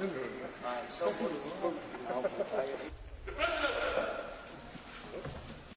Nein, so wurde sie.